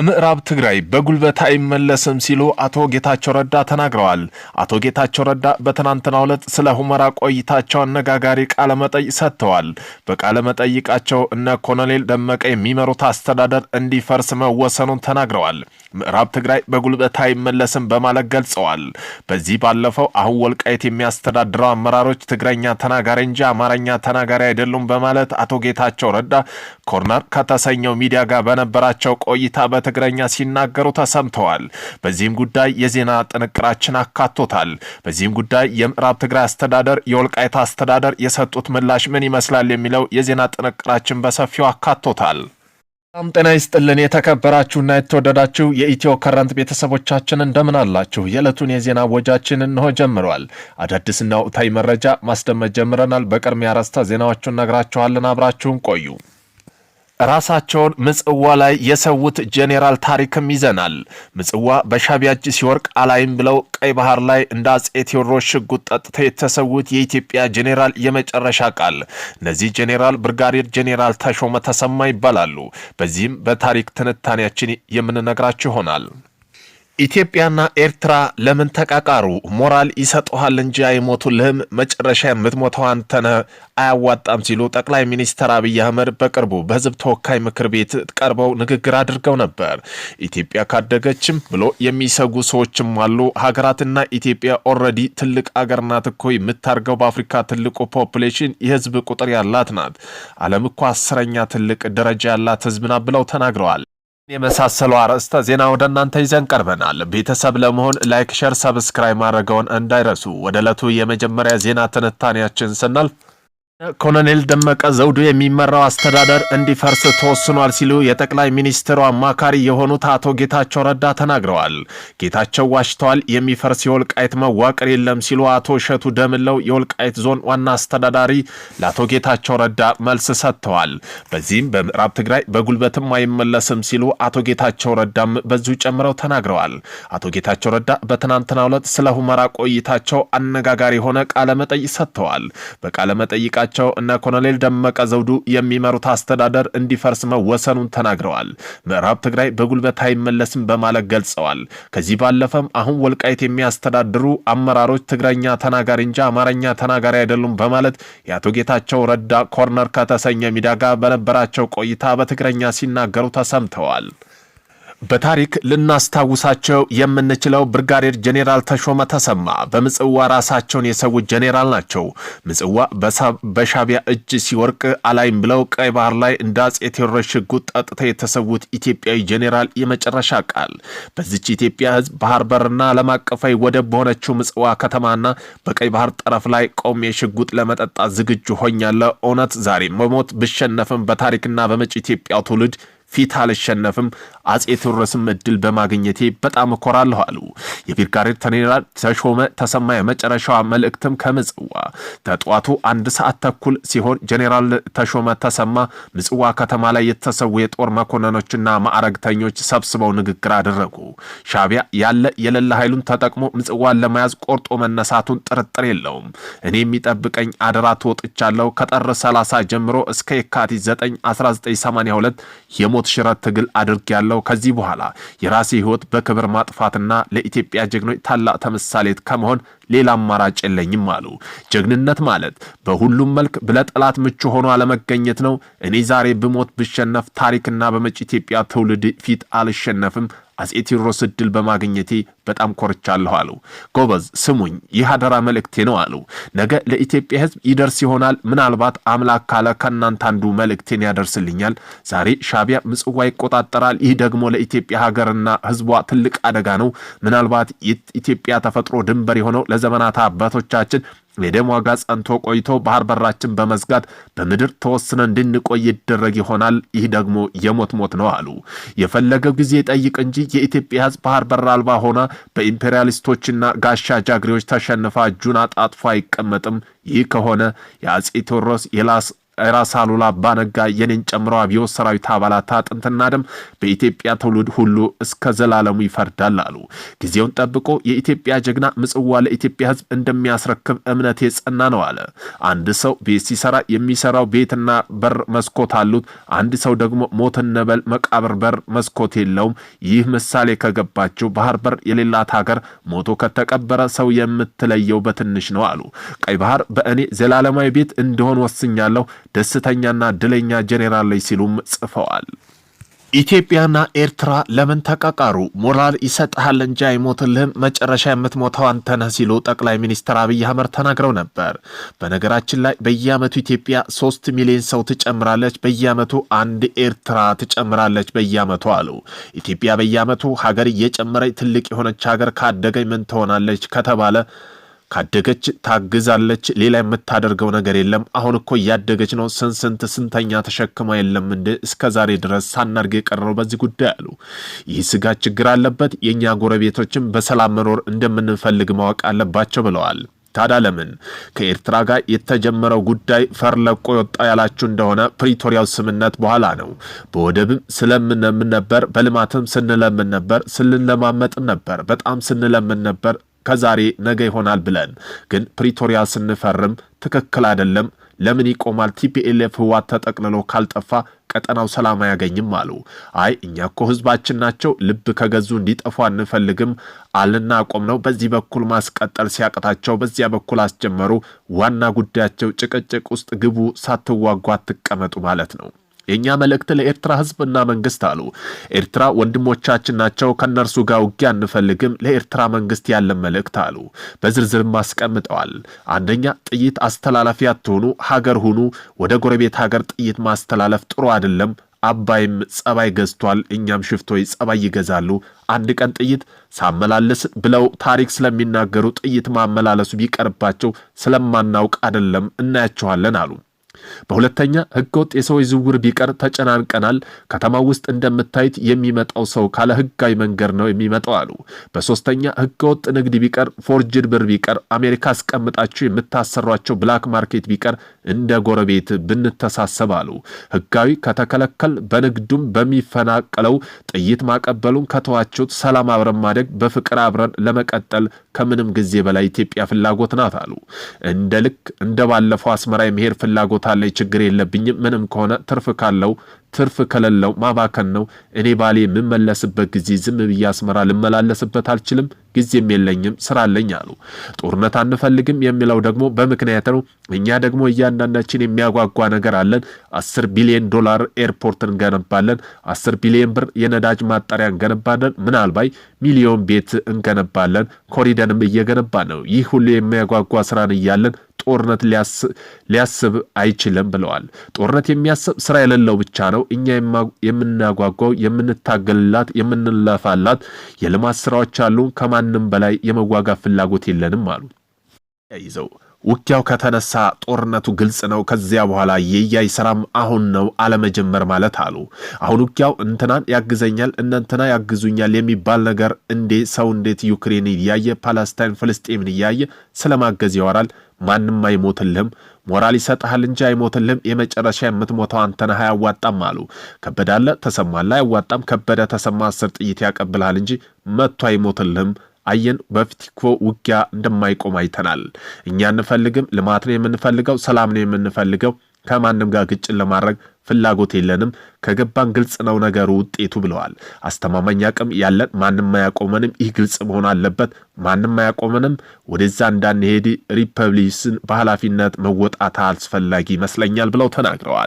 በምዕራብ ትግራይ በጉልበት አይመለስም ሲሉ አቶ ጌታቸው ረዳ ተናግረዋል። አቶ ጌታቸው ረዳ በትናንትናው ዕለት ስለ ሁመራ ቆይታቸው አነጋጋሪ ቃለመጠይቅ ሰጥተዋል። በቃለመጠይቃቸው እነ ኮሎኔል ደመቀ የሚመሩት አስተዳደር እንዲፈርስ መወሰኑን ተናግረዋል። ምዕራብ ትግራይ በጉልበት አይመለስም በማለት ገልጸዋል። በዚህ ባለፈው አሁን ወልቃይት የሚያስተዳድረው አመራሮች ትግረኛ ተናጋሪ እንጂ አማርኛ ተናጋሪ አይደሉም በማለት አቶ ጌታቸው ረዳ ኮርነር ከተሰኘው ሚዲያ ጋር በነበራቸው ቆይታ በትግረኛ ሲናገሩ ተሰምተዋል። በዚህም ጉዳይ የዜና ጥንቅራችን አካቶታል። በዚህም ጉዳይ የምዕራብ ትግራይ አስተዳደር፣ የወልቃይት አስተዳደር የሰጡት ምላሽ ምን ይመስላል የሚለው የዜና ጥንቅራችን በሰፊው አካቶታል። በጣም ጤና ይስጥልን የተከበራችሁና የተወደዳችሁ የኢትዮ ከረንት ቤተሰቦቻችን እንደምን አላችሁ? የዕለቱን የዜና ወጃችን እንሆ ጀምረዋል። አዳዲስና ወቅታዊ መረጃ ማስደመጥ ጀምረናል። በቅድሚያ አርዕስተ ዜናዎቹን ነግራችኋለን። አብራችሁን ቆዩ። ራሳቸውን ምጽዋ ላይ የሰዉት ጄኔራል ታሪክም ይዘናል። ምጽዋ በሻቢያጅ እጅ ሲወርቅ አላይም ብለው ቀይ ባህር ላይ እንደ አጼ ቴዎድሮስ ሽጉጥ ጠጥተው የተሰዉት የኢትዮጵያ ጄኔራል የመጨረሻ ቃል። እነዚህ ጄኔራል ብርጋዴር ጄኔራል ተሾመ ተሰማ ይባላሉ። በዚህም በታሪክ ትንታኔያችን የምንነግራችሁ ይሆናል። ኢትዮጵያና ኤርትራ ለምን ተቃቃሩ? ሞራል ይሰጠሃል እንጂ አይሞቱልህም። መጨረሻ የምትሞተው አንተ አያዋጣም ሲሉ ጠቅላይ ሚኒስትር አብይ አህመድ በቅርቡ በህዝብ ተወካይ ምክር ቤት ቀርበው ንግግር አድርገው ነበር። ኢትዮጵያ ካደገችም ብሎ የሚሰጉ ሰዎችም አሉ። ሀገራትና ኢትዮጵያ ኦልሬዲ ትልቅ አገር ናት እኮ የምታርገው በአፍሪካ ትልቁ ፖፕሌሽን የህዝብ ቁጥር ያላት ናት። አለም እኮ አስረኛ ትልቅ ደረጃ ያላት ህዝብ ናት ብለው ተናግረዋል። የመሳሰሉ አርዕስተ ዜና ወደ እናንተ ይዘን ቀርበናል። ቤተሰብ ለመሆን ላይክ፣ ሸር፣ ሰብስክራይብ ማድረገውን እንዳይረሱ። ወደ ዕለቱ የመጀመሪያ ዜና ትንታኔያችን ስናልፍ ኮሎኔል ደመቀ ዘውዱ የሚመራው አስተዳደር እንዲፈርስ ተወስኗል ሲሉ የጠቅላይ ሚኒስትሩ አማካሪ የሆኑት አቶ ጌታቸው ረዳ ተናግረዋል። ጌታቸው ዋሽተዋል፣ የሚፈርስ የወልቃይት መዋቅር የለም ሲሉ አቶ እሸቱ ደምለው የወልቃይት ዞን ዋና አስተዳዳሪ ለአቶ ጌታቸው ረዳ መልስ ሰጥተዋል። በዚህም በምዕራብ ትግራይ በጉልበትም አይመለስም ሲሉ አቶ ጌታቸው ረዳም በዚሁ ጨምረው ተናግረዋል። አቶ ጌታቸው ረዳ በትናንትናው ዕለት ስለ ሁመራ ቆይታቸው አነጋጋሪ የሆነ ቃለመጠይቅ ሰጥተዋል። በቃለመጠይቃ እሳቸው እነ ኮሎኔል ደመቀ ዘውዱ የሚመሩት አስተዳደር እንዲፈርስ መወሰኑን ተናግረዋል። ምዕራብ ትግራይ በጉልበት አይመለስም በማለት ገልጸዋል። ከዚህ ባለፈም አሁን ወልቃይት የሚያስተዳድሩ አመራሮች ትግረኛ ተናጋሪ እንጂ አማርኛ ተናጋሪ አይደሉም በማለት የአቶ ጌታቸው ረዳ ኮርነር ከተሰኘ ሚዲያ ጋር በነበራቸው ቆይታ በትግረኛ ሲናገሩ ተሰምተዋል። በታሪክ ልናስታውሳቸው የምንችለው ብርጋዴር ጄኔራል ተሾመ ተሰማ በምጽዋ ራሳቸውን የሰው ጄኔራል ናቸው። ምጽዋ በሻቢያ እጅ ሲወርቅ አላይም ብለው ቀይ ባህር ላይ እንደ አጼ ቴዎድሮስ ሽጉጥ ጠጥተው የተሰዉት ኢትዮጵያዊ ጄኔራል የመጨረሻ ቃል በዚች ኢትዮጵያ ህዝብ ባህር በርና ዓለም አቀፋዊ ወደብ በሆነችው ምጽዋ ከተማና በቀይ ባህር ጠረፍ ላይ ቆሜ ሽጉጥ ለመጠጣት ዝግጁ ሆኛለሁ። እውነት ዛሬ መሞት ብሸነፍም በታሪክና በመጪ ኢትዮጵያ ትውልድ ፊት አልሸነፍም፣ አጼ ቴዎድሮስም እድል በማግኘቴ በጣም እኮራለሁ አሉ። የብርጋዴር ጄኔራል ተሾመ ተሰማ የመጨረሻዋ መልእክትም ከምጽዋ ተጧቱ አንድ ሰዓት ተኩል ሲሆን ጄኔራል ተሾመ ተሰማ ምጽዋ ከተማ ላይ የተሰዉ የጦር መኮንኖችና ማዕረግተኞች ሰብስበው ንግግር አደረጉ። ሻቢያ ያለ የሌለ ኃይሉን ተጠቅሞ ምጽዋን ለመያዝ ቆርጦ መነሳቱን ጥርጥር የለውም። እኔ የሚጠብቀኝ አደራ ትወጥቻለሁ። ከጥር 30 ጀምሮ እስከ የካቲት 9 1982 የሞት ሽረት ትግል አድርግ ያለው ከዚህ በኋላ የራሴ ህይወት በክብር ማጥፋትና ለኢትዮጵያ ጀግኖች ታላቅ ተምሳሌት ከመሆን ሌላ አማራጭ የለኝም አሉ። ጀግንነት ማለት በሁሉም መልክ ብለጠላት ምቹ ሆኖ አለመገኘት ነው። እኔ ዛሬ ብሞት ብሸነፍ ታሪክና በመጪ ኢትዮጵያ ትውልድ ፊት አልሸነፍም አጼ ቴዎድሮስ እድል በማግኘቴ በጣም ኮርቻለሁ አሉ። ጎበዝ ስሙኝ፣ ይህ አደራ መልእክቴ ነው አሉ። ነገ ለኢትዮጵያ ሕዝብ ይደርስ ይሆናል። ምናልባት አምላክ ካለ ከእናንተ አንዱ መልእክቴን ያደርስልኛል። ዛሬ ሻቢያ ምጽዋ ይቆጣጠራል። ይህ ደግሞ ለኢትዮጵያ ሀገርና ሕዝቧ ትልቅ አደጋ ነው። ምናልባት ኢትዮጵያ ተፈጥሮ ድንበር የሆነው ለዘመናት አባቶቻችን የደም ዋጋ ጸንቶ ቆይቶ ባህር በራችን በመዝጋት በምድር ተወስነ እንድንቆይ ይደረግ ይሆናል። ይህ ደግሞ የሞት ሞት ነው አሉ። የፈለገው ጊዜ ጠይቅ እንጂ የኢትዮጵያ ሕዝብ ባህር በር አልባ ሆና በኢምፔሪያሊስቶችና ጋሻ ጃግሬዎች ተሸንፋ እጁን አጣጥፎ አይቀመጥም። ይህ ከሆነ የአጼ ቴዎድሮስ የላስ ራስ አሉላ አባነጋ የኔን ጨምሮ አብዮት ሰራዊት አባላት አጥንትና ደም በኢትዮጵያ ትውልድ ሁሉ እስከ ዘላለሙ ይፈርዳል አሉ። ጊዜውን ጠብቆ የኢትዮጵያ ጀግና ምጽዋ ለኢትዮጵያ ሕዝብ እንደሚያስረክብ እምነት የጸና ነው አለ። አንድ ሰው ቤት ሲሰራ የሚሰራው ቤትና በር መስኮት አሉት። አንድ ሰው ደግሞ ሞት እንበል መቃብር በር መስኮት የለውም። ይህ ምሳሌ ከገባቸው ባህር በር የሌላት ሀገር ሞቶ ከተቀበረ ሰው የምትለየው በትንሽ ነው አሉ። ቀይ ባህር በእኔ ዘላለማዊ ቤት እንደሆን ወስኛለሁ። ደስተኛና ድለኛ ጄኔራል ነኝ ሲሉም ጽፈዋል። ኢትዮጵያና ኤርትራ ለምን ተቃቃሩ? ሞራል ይሰጥሃል እንጂ አይሞትልህም። መጨረሻ የምትሞተው አንተነህ ሲሉ ጠቅላይ ሚኒስትር አብይ አህመድ ተናግረው ነበር። በነገራችን ላይ በየዓመቱ ኢትዮጵያ ሶስት ሚሊዮን ሰው ትጨምራለች፣ በየዓመቱ አንድ ኤርትራ ትጨምራለች በየዓመቱ አሉ። ኢትዮጵያ በየዓመቱ ሀገር እየጨመረች ትልቅ የሆነች ሀገር ካደገኝ ምን ትሆናለች ከተባለ ካደገች ታግዛለች። ሌላ የምታደርገው ነገር የለም። አሁን እኮ እያደገች ነው። ስንስንት ስንተኛ ተሸክማ የለም እንደ እስከ ዛሬ ድረስ ሳናርግ የቀረው በዚህ ጉዳይ አሉ። ይህ ስጋ ችግር አለበት። የእኛ ጎረቤቶችም በሰላም መኖር እንደምንፈልግ ማወቅ አለባቸው ብለዋል። ታዳ ለምን ከኤርትራ ጋር የተጀመረው ጉዳይ ፈርለቆ የወጣ ያላችሁ እንደሆነ ፕሪቶሪያው ስምነት በኋላ ነው። በወደብም ስለምንለምን ነበር፣ በልማትም ስንለምን ነበር፣ ስንለማመጥም ነበር፣ በጣም ስንለምን ነበር። ከዛሬ ነገ ይሆናል ብለን ግን ፕሪቶሪያ ስንፈርም ትክክል አይደለም። ለምን ይቆማል? ቲፒኤልኤፍ ህዋት ተጠቅልሎ ካልጠፋ ቀጠናው ሰላም አያገኝም አሉ። አይ እኛ እኮ ህዝባችን ናቸው፣ ልብ ከገዙ እንዲጠፉ አንፈልግም፣ አልናቆም ነው። በዚህ በኩል ማስቀጠል ሲያቅታቸው በዚያ በኩል አስጀመሩ። ዋና ጉዳያቸው ጭቅጭቅ ውስጥ ግቡ፣ ሳትዋጉ አትቀመጡ ማለት ነው። የእኛ መልእክት ለኤርትራ ህዝብና መንግስት አሉ። ኤርትራ ወንድሞቻችን ናቸው፣ ከእነርሱ ጋር ውጊያ አንፈልግም። ለኤርትራ መንግስት ያለን መልእክት አሉ። በዝርዝርም አስቀምጠዋል። አንደኛ ጥይት አስተላላፊ አትሆኑ፣ ሀገር ሁኑ። ወደ ጎረቤት ሀገር ጥይት ማስተላለፍ ጥሩ አይደለም። አባይም ጸባይ ገዝቷል። እኛም ሽፍቶች ጸባይ ይገዛሉ። አንድ ቀን ጥይት ሳመላለስ ብለው ታሪክ ስለሚናገሩ ጥይት ማመላለሱ ቢቀርባቸው ስለማናውቅ አይደለም፣ እናያቸዋለን አሉ። በሁለተኛ ህገወጥ የሰዎች ዝውውር ቢቀር ተጨናንቀናል። ከተማ ውስጥ እንደምታዩት የሚመጣው ሰው ካለ ህጋዊ መንገድ ነው የሚመጣው አሉ። በሶስተኛ ህገወጥ ንግድ ቢቀር፣ ፎርጅድ ብር ቢቀር፣ አሜሪካ አስቀምጣችሁ የምታሰሯቸው ብላክ ማርኬት ቢቀር እንደ ጎረቤት ብንተሳሰብ አሉ። ህጋዊ ከተከለከል በንግዱም በሚፈናቀለው ጥይት ማቀበሉን ከተዋቸውት ሰላም አብረን ማደግ በፍቅር አብረን ለመቀጠል ከምንም ጊዜ በላይ ኢትዮጵያ ፍላጎት ናት አሉ። እንደ ልክ እንደ ባለፈው አስመራ የመሄድ ፍላጎት አለኝ፣ ችግር የለብኝም። ምንም ከሆነ ትርፍ ካለው ትርፍ ከሌለው ማባከን ነው። እኔ ባሌ የምመለስበት ጊዜ ዝም ብዬ አስመራ ልመላለስበት አልችልም፣ ጊዜም የለኝም፣ ስራ አለኝ አሉ። ጦርነት አንፈልግም የሚለው ደግሞ በምክንያት ነው። እኛ ደግሞ እያንዳንዳችን የሚያጓጓ ነገር አለን። አስር ቢሊዮን ዶላር ኤርፖርት እንገነባለን። አስር ቢሊዮን ብር የነዳጅ ማጣሪያ እንገነባለን። ምናልባት ሚሊዮን ቤት እንገነባለን። ኮሪደንም እየገነባ ነው። ይህ ሁሉ የሚያጓጓ ስራን እያለን ጦርነት ሊያስብ አይችልም ብለዋል። ጦርነት የሚያስብ ስራ የሌለው ብቻ ነው። እኛ የምናጓጓው የምንታገልላት፣ የምንለፋላት የልማት ስራዎች አሉ። ከማንም በላይ የመዋጋት ፍላጎት የለንም አሉ ይዘው ውጊያው ከተነሳ ጦርነቱ ግልጽ ነው። ከዚያ በኋላ የያይ ስራም አሁን ነው አለመጀመር ማለት አሉ። አሁን ውጊያው እንትናን ያግዘኛል እነንትና ያግዙኛል የሚባል ነገር እንዴ! ሰው እንዴት ዩክሬን እያየ ፓለስታይን ፍልስጤምን እያየ ስለማገዝ ያወራል? ማንም አይሞትልህም፣ ሞራል ይሰጥሃል እንጂ አይሞትልህም። የመጨረሻ የምትሞተው አንተነህ አያዋጣም አሉ። ከበዳለ ተሰማላ አያዋጣም። ከበደ ተሰማ አስር ጥይት ያቀብልሃል እንጂ መጥቶ አይሞትልህም አየን። በፍቲኮ ውጊያ እንደማይቆም አይተናል። እኛ እንፈልግም ልማት ነው የምንፈልገው፣ ሰላም ነው የምንፈልገው። ከማንም ጋር ግጭን ለማድረግ ፍላጎት የለንም። ከገባን ግልጽ ነው ነገሩ ውጤቱ ብለዋል። አስተማማኝ አቅም ያለን ማንም አያቆመንም። ይህ ግልጽ መሆን አለበት። ማንም አያቆመንም። ወደዛ እንዳንሄድ ሪፐብሊክስን በኃላፊነት መወጣት አስፈላጊ ይመስለኛል ብለው ተናግረዋል።